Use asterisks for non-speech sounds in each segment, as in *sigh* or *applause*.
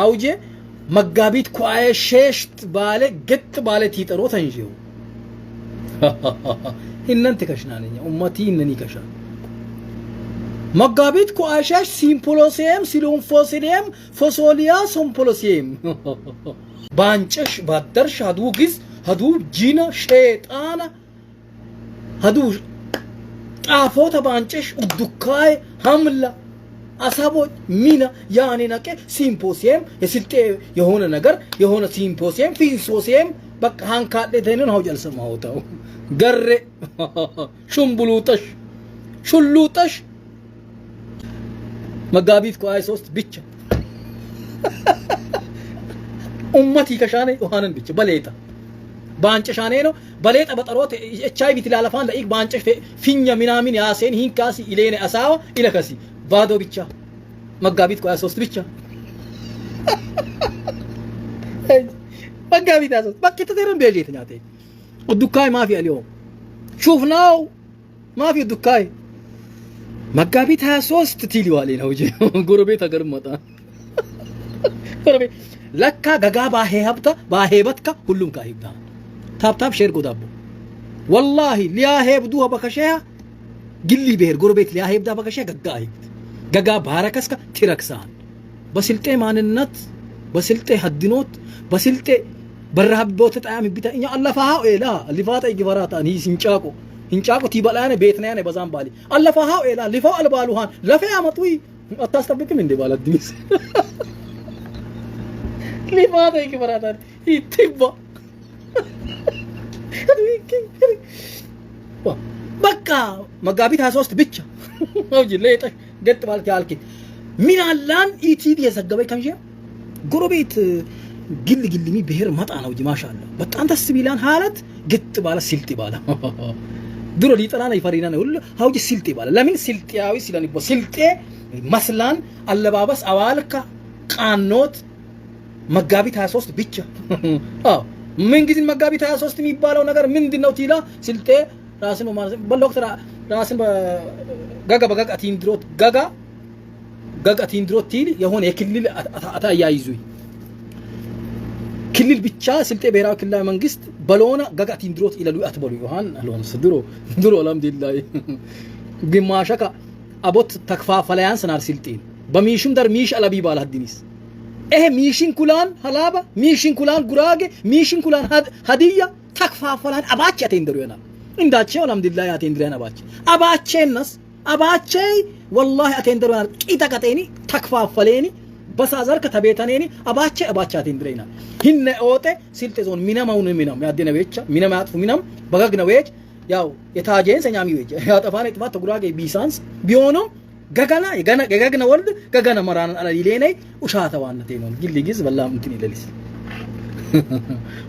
ሀውጀ መጋቢት ኳየ ሸሽት ባለ ግጥ ባለ ቲጠሮ ተንጂው ሂነን *laughs* ትከሽናለኛ ኡማቲ ሂነን ይከሻል መጋቢት ኳየ ሼሽ ሲምፖሎሲየም ሲሎንፎሲየም ፎሶሊያ ሶምፖሎሲየም *laughs* ባንጨሽ ባደርሽ ሀዱ ግዝ ሀዱ ጂና ሼጣና ሀዱ ጣፎተ ባንጨሽ ኡዱካይ ሀምላ አሳቦች ሚና ያኔ ነቀ ሲምፖሲየም የስልጤ የሆነ ነገር የሆነ ሲምፖሲየም ፊንሶሲየም በቃ ሃንካሌ ተንን ሆጀልስም አውታው ገሬ ሹምብሉጠሽ ሹሉጠሽ መጋቢት ከሀያ ሶስት ብቻ ኡመቲ ከሻኔ ውሃንን ብቻ በሌጣ ባንጨሻኔ ነው በሌጣ በጠሮት ኤች አይ ቪ ትላለፋን ለኢክ ባንጨሽ ፊኛ ምናምን ያሴን ሂንካሲ ኢሌኔ አሳዋ ኢለከሲ ባዶ ብቻ መጋቢት ቆያ ሶስት ብቻ መጋቢት ያሶስት በቃ ተተረም በጄ ተኛቴ ዱካይ ማፊ اليوم شوفناው ማፊ ዱካይ መጋቢት 23 ትል ይዋል ነው ጂ ጎረቤት ሀገር መጣ ጎረቤት ለካ ገጋ ባሄ ሀብታ ባሄ በትካ ሁሉም ካ ይብዳ ሼር ጎዳቦ ወላሂ ሊያሄብዱ በከሸያ ግሊ ብሄር ጎረቤት ሊያሄብዳ በከሸያ ገጋ ይብዳ ገጋ ከስከ ትረክሳን በስልጤ ማንነት በስልጤ ሀድኖት በስልጤ በራቦት ጣያም ቢታ እኛ አለፋሃው ኤላ ሊፋጣ ይግበራታ ኒ ሲንጫቆ እንጫቁ ቲበላነ ቤትና ያነ በዛም ባሊ አለፋሃው ኤላ ሊፋው አልባሉሃን ለፈ ያመጡይ አታስጠብቅም እንዴ ባለ ድምስ ሊፋጣ ይግበራታ ይትባ በቃ መጋቢት 23 ብቻ አውጂ ሌጠሽ ገጥ ባልክ ያልክት ሚናላን ኢቲቪ የዘገበኝ ከምሽ ጎረቤት ግል ግል ሚ ብሄር መጣ ነው ጅማሽ በጣም ደስ ቢላን ሀለት ግጥ ባለ ስልጥ ባለ *laughs* ድሮ ሊጠላና ይፈሪና ነው ሁሉ ሀውጂ ስልጥ ባለ ለምን ስልጥያዊ ሲላን ይቦ ስልጤ መስላን አለባበስ አዋልካ ቃኖት መጋቢት 23 ብቻ *laughs* አዎ ምን ጊዜ መጋቢት 23 የሚባለው ነገር ምንድነው? ቲላ ስልጤ ራስን በማለት በዶክተር ራስን ጋጋ በጋጋ አቲን ድሮት ጋጋ ጋጋ አቲን ድሮት ቲል የሆነ የክልል አታ አያይዙኝ ክልል ብቻ ስልጤ ብሔራዊ ክልላዊ መንግስት በለሆነ ጋጋ አቲን ድሮት ኢለሉ አትበሉ ይሆን አልሆንስ ድሮ ድሮ አልሐምዱሊላህ ግማሸካ አቦት ተከፋፈለያንስ ናር ስልጤን በሚሽም ደር ሚሽ አለቢባ አልሐዲኒስ ይሄ ሚሽን ኩላን ሀላባ ሚሽን ኩላን ጉራጌ ሚሽን ኩላን ሀዲያ ተከፋፈላን አባቼ አቴንደሩ ይሆናል እንዳቼ አልሐምዱሊላህ አቴንድሪያን አባቼ አባቼ ነስ abachee wallahi ati hindireenar qixa qaxeeni takfaafaleeni basaa zarka tabeetaneeni abachee abachaa ati hindireenar hinne oote silte zoon minama hunu minam yaaddina weecha minama yaatfu minam bagagna weech ያው የታጀንስ ኛሚ ወጅ ያው ጠፋነ ጥፋት ጉራጌ ቢሳንስ ቢሆነው ገገና የገና የገግነ ወልድ ገገነ መራን አለ ይሌኔ ኡሻተ ዋነቴ ነው ግል ግዝ በላም እንትን ይለልስ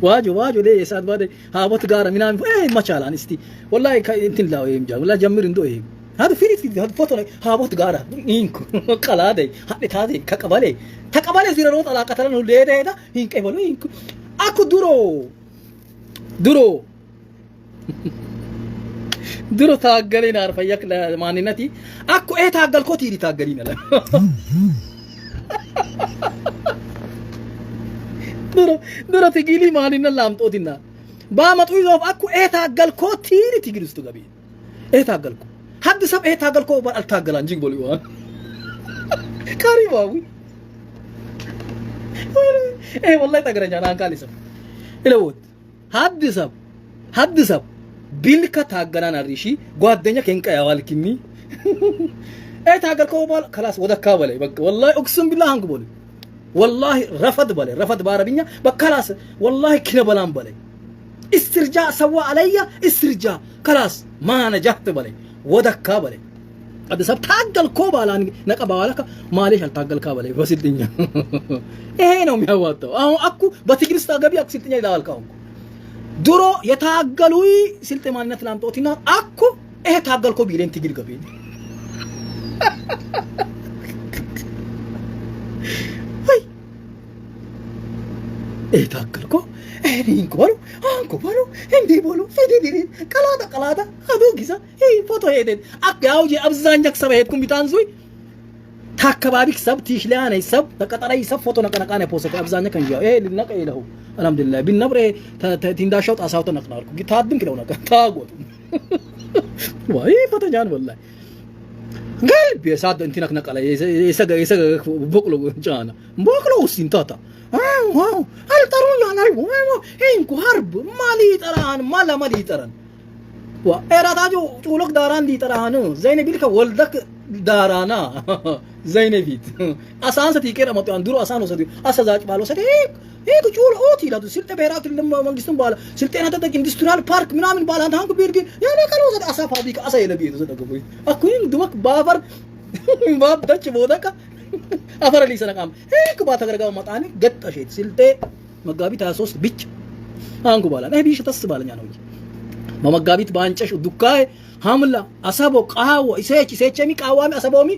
ዋጅ ዋጅ ወደ የሳት ባደ ሀቦት ጋር ምናምን ማቻላን እስቲ ወላሂ እንትን ላው ይምጃ ወላሂ ጀምር እንዶ ይሄ hadu firit firit hadu foto nai habot gara inku kalade hadde tade kakabale takabale zira rota la katala no lede da hinke bolu inku aku duro duro duro taaggalin arfayyak la maninati aku e taaggal ko tiri taaggalin la duro duro tigili maninna lamto dinna ba matu izof aku e taaggal ko tiri tigirustu gabi e taaggal ko hadda sab eh taagalko baan altaagalaan jing boli waan kari waawi eh wallahi tagaranja naan kaali sab ila wot hadda sab hadda sab bilka taagalaan arishi gwaadenya kenka yawalkinni eh taagalko baan khalas wadakka bale bakka wallahi uksum billah hangu boli والله رفض بلي رفض بعربية بكلاس والله كنا بلام بلي استرجاع سوا علي استرجاع خلاص ما نجحت بلي ወደካ በለ አዲስ አበባ ታገልኮ ባላን ነቀ ባላካ ማሌሽ አልታገልካ በለ በስድኛ ይሄ ነው የሚያዋጣው። አሁን አኩ በትግሪስ ታገቢ አኩ ስልጥኛ ይላልካው ድሮ የታገሉ ስልጤ ማንነት ላምጦትና አኩ ይሄ ታገልኮ ቢሌን ትግል ገቤ Etakkalko, erin kubaru, ankubaru, እንዲህ ቦሎ ፌዴዴዴን ቀላታ ቀላታ አዶ ጊዛ ይህ ፎቶ ሄደን አክ ያው የአብዛኛው ሰብ ሄድኩም ቢታን ታከባቢ ክሰብ ሰብ ቲሽላነ ሰብ ተቀጠራይ ሰብ ፎቶ ነቀነቃ ነቀነቃነ ፖሰ አብዛኛ ከንጂ ይሄ ልነቀ ይለው አልሐምዱሊላህ ቢልነብረ ቲንዳሻው ጣሳው ተነቅናልኩ ታድም ክለው ነቀ ታጎቱ ወይ ፎቶ ጃን ወላይ Galbi sa atin tinaknakala, isaga isaga buklo jana. Buklo sintata. Ay wow, al tarunyan ay wow, hein ku harb mali taran mala mali taran. Wa era taju tulak daran li taranu. Zaine bilka waldak darana. ዘይኔ ፊት አሳን ሰቲ ቀረ አንዱሮ አሳን ወሰዱ አሰዛጭ ባል ወሰደ ይሄ ጩል ኦት ይላሉ ስልጤ ብሔራዊ ክልል መንግስትን በኋላ ስልጤና ተጠቅ ኢንዱስትሪያል ፓርክ ምናምን ባላ አንተ አንኩ ቢርግ ያኔ ካለ ወሰደ አሳ ፋብሪካ አሳ የለብ ይተሰደ ገቦይ አኩን ድወክ ባፈር ባብ ደጭ ቦታካ አፈር ሊሰነቃም ይሄ ባታ ገረጋ መጣኔ ገጠሸት ስልጤ መጋቢት 23 ብቻ አንኩ ባላ ነህ ቢሽ ተስ ባለኛ ነው እንጂ መመጋቢት ባንጨሽ ዱካ ሀምላ አሰቦ ቃወ ኢሴች ኢሴቸሚ ቃዋሚ አሰቦሚ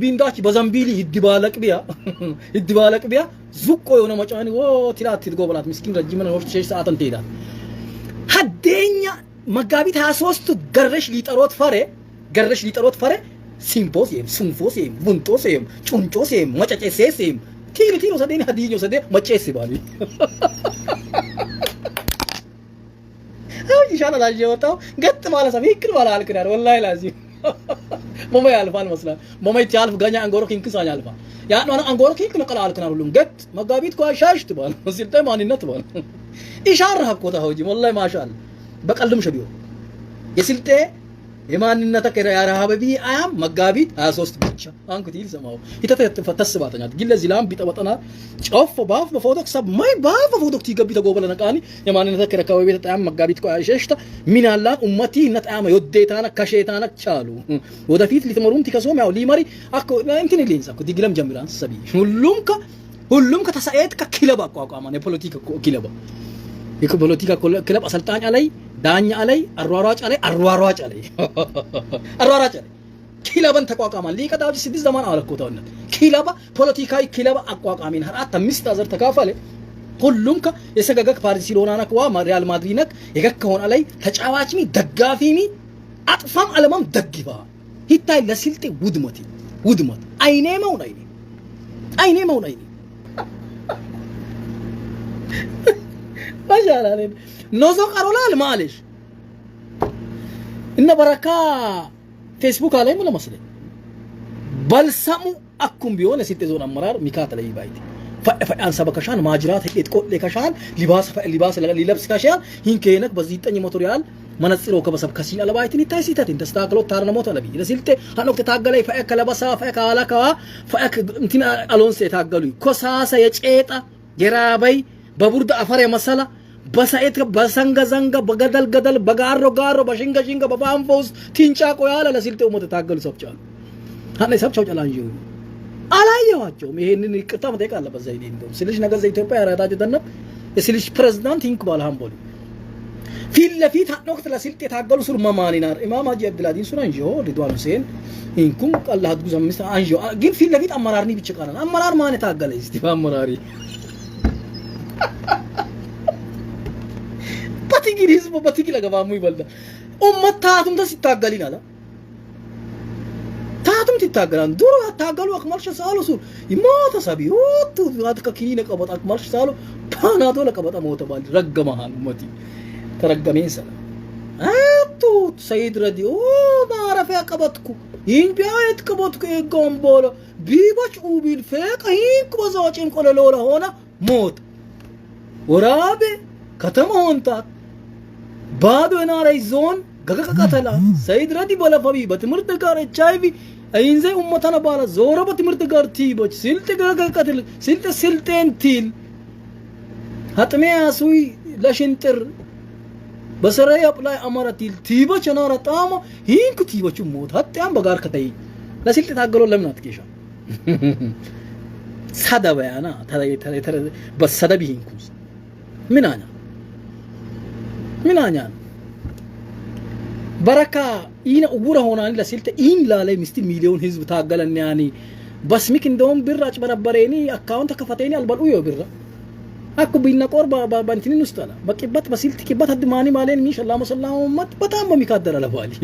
ቢንዳች በዘንቢሊ ይድባለቅቢያ *laughs* ይድባለቅቢያ ዙቆ የሆነ መጫኒ ወ ትላት ትጎበላት ምስኪን ረጅምን ወርት ሸሽ ሰዓትን ትሄዳል ሀደኛ መጋቢት 23 ገረሽ ሊጠሮት ፈሬ ገረሽ ሊጠሮት ፈሬ ሲምፖሲየም ሱንፎሲየም ቡንቶሲየም ጩንጮሲየም መጨጨሴሲየም ቲሪ ቲሮ ሰደኒ ሀዲኞ ሰደ መጨስ ይባሉ *laughs* ሻላ ላጅ የወጣው ገጥ ማለት ሰፊ ይክል አልክ አልክዳል ወላሂ ላዚ *laughs* ሞሞ ያልፋል መስላል ሞሞ ይቻልፍ ገኛ አንጎሮ ኪንክስ ያልፋ ያን ነው አንጎሮ ኪንክ ነቀላ አልክናል ሁሉም ገጥ መጋቢት ኳ ሻሽ ትባል ወሲል ማንነት ባል ኢሻራ ሀቆታ ሆጂ ወላሂ ማሻአላ በቀልድም ሸዲዮ የስልጤ የማንነት ከረ ያራሃበ አያም መጋቢት 23 ብቻ አንኩት ይል ሰማው ይተተ ተስባተኛት ግን ለዚህ ላም ቢጠበጠና ጮፍ ባፍ በፎቶክ ሰብ ማይ ባፍ በፎቶክ ቲገቢ ተጎበለ ነቃኒ የማንነት ከረ ከወቤ ተጣም መጋቢት ቆ አይሸሽታ ምን አላን ኡመቲ ነጣማ ዮዴታና ከሸይታና ቻሉ ወደፊት ሊተመሩም ቲከሶም ያው ሊመሪ አኮ እንትን ሊንስ አኮ ዲግለም ጀምራን ሰቢ ሁሉም ከ ሁሉም ከተሳኤት ከኪለባ አቋቋማ የፖለቲካ ኪለባ የፖለቲካ ኪለባ አሰልጣኝ ላይ ዳኛ ላይ አሯሯጭ ላይ አሯሯጭ ላይ አሯሯጭ ላይ ኪለበን ተቋቋማል ሊቀዳብ ስድስት ዘመን አለኮታውነ ኪላባ ፖለቲካዊ ኪለባ አቋቋሚን አራት አምስት አዘር ተካፋለ ሁሉም የሰገገክ ባርሴሎና ነክ ዋ ሪያል ማድሪድ ነክ የገክ ሆና ላይ ተጫዋችሚ ደጋፊሚ አጥፋም አለማም ደግፋ ሂታይ ለስልጤ ውድመት ውድመት አይኔ መውን አይኔ አይኔ መውን አይኔ ماشاءالله نوزو قرولال معلش إن بركة فيسبوك عليهم ولا مصري بل سمو أكم بيونا ستة زون أمرار ميكات لي بايتي فأن سبك شان ما جرات هيك تقول لك شان لباس فلباس لغا لبس كشان هين كينك بزيت أني ماتوريال منصيرو كبس كسين على بايتي نتاي سيتا تين تستاكلو تارنا موت على بي لسيلت هنوك تتاقلي فأك لبسا فأك علاكا فأك انتنا ألونسي تاقلوي كساسا يجيتا جرابي በቡርድ አፈር የመሰለ በሰኤት በሰንገ ዘንገ በገደል ገደል በጋሮ ጋሮ በሽንገ ሽንገ በባንፎ ውስጥ ቲንጫቆ ያለ ለስልጤ ኡመት የታገሉ ሰዎች አሉ። አኔ ሰዎች ጨላንጂው አላየኋቸውም። ይሄንን ይቅርታ መጠየቅ አለበት። ዘይኔ እንደውም ስልሽ ነገር ዘኢትዮጵያ ያራዳጁ ደነብ የስልሽ ፕሬዝዳንት ይንክ ባልሃምቦሊ ፊት ለፊት ወቅት ለስልጤ የታገሉ ሱር መማኒናር ኢማም ሀጂ አብድልአዚዝ ሱር አንጆ ሪድዋን ሁሴን ኢንኩም ቀላሃት ጉዘም ሚስት አንጆ ግን ፊት ለፊት አመራርኒ ብቻ ቃና አመራር ማን የታገለ እስቲ አመራሪ batigil hizba batigil agabaamu ibalda ummat taatumta sittaaggalin ala taatum tittaaggalan dura taaggalu ak marsha saalu sun moota sabi hottu ka kiniina qabat ak marsha saalu paanaatola qabata moota baali raggamahan ummati taraggamiinsala hattu sayid radi o maarafe qabatku hinbiayet qabatku eeggawan boola biibac uubiin feeqa hinkuma zawacin qololoola hoona moota ወራቤ ከተማ ሆንታት ባዶ የናራይ ዞን ገገቀቀተላ ሰይድ ረዲ በለፈቢ በትምህርት ጋር ኤች አይንዘ ኡመተነ ባላ ዞረ በትምህርት ጋር ቲቦች ስልጥ ገገቀትል ስልጥ ስልጤን ቲል ሀጥሜ ያሱይ ለሽንጥር በሰረ ያፕላይ አማራ ቲል ቲቦች የናራ ጣሞ ሂንኩ ቲቦች ሞት ሀጥያም በጋር ከተይ ለስልጥ ታገሎ ለምን አትቄሻ ሳደበያና ተለይ ተለይ ተለይ በሰደብ ሂንኩስ ምን ምን በረካ ኢነ ኡጉራ ሆናኒ ለሲልተ ኢን ላለ ምስቲ ሚሊዮን ህዝብ ታገለኒ ያኒ በስሚክ እንደውም ብር አጭበረበሬኒ አካውንት ከፈቴኒ አልበልኡ ዮ ብር አኩ ቢነ ቆር ውስጥ አላ በቂበት በሲልት ቂበት አድማኒ ማሌን ሚሽ አላ መሰላ መት በጣም በሚካደር አለባሊ